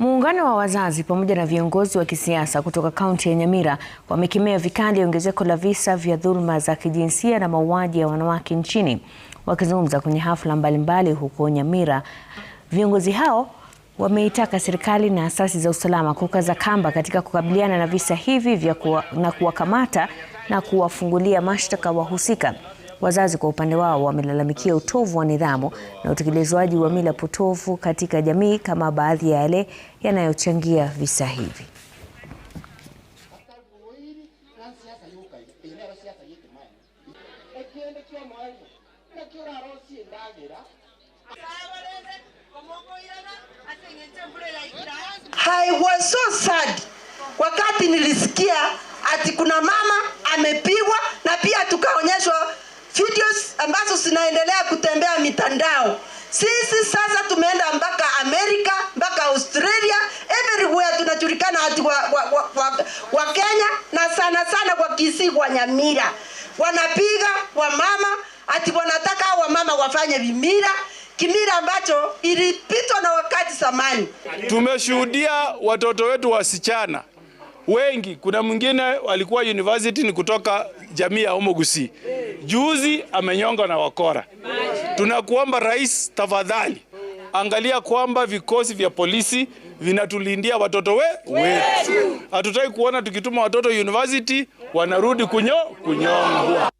Muungano wa wazazi pamoja na viongozi wa kisiasa kutoka kaunti ya Nyamira wamekemea vikali ongezeko la visa vya dhuluma za kijinsia na mauaji ya wanawake nchini. Wakizungumza kwenye hafla mbalimbali huko Nyamira, viongozi hao wameitaka serikali na asasi za usalama kukaza kamba katika kukabiliana na visa hivi vya kuwa, na kuwakamata na kuwafungulia mashtaka wahusika. Wazazi kwa upande wao wamelalamikia utovu wa nidhamu na utekelezwaji wa mila potofu katika jamii kama baadhi ya yale yanayochangia visa hivi. I was so sad wakati nilisikia ati kuna mama amepigwa kutembea mitandao. Sisi sasa tumeenda mpaka Amerika, mpaka Australia, everywhere tunajulikana hati wa, wa, wa, wa, wa Kenya na sana sana kwa Kisii, kwa Nyamira wanapiga wamama ati wanataka mama wafanye vimira kimira ambacho ilipitwa na wakati zamani. Tumeshuhudia watoto wetu wasichana wengi, kuna mwingine alikuwa university ni kutoka jamii ya Homogusi, juzi amenyonga na wakora. Tunakuomba rais, tafadhali angalia kwamba vikosi vya polisi vinatulindia watoto we wetu. Hatutaki kuona tukituma watoto university wanarudi kunyo kunyongwa.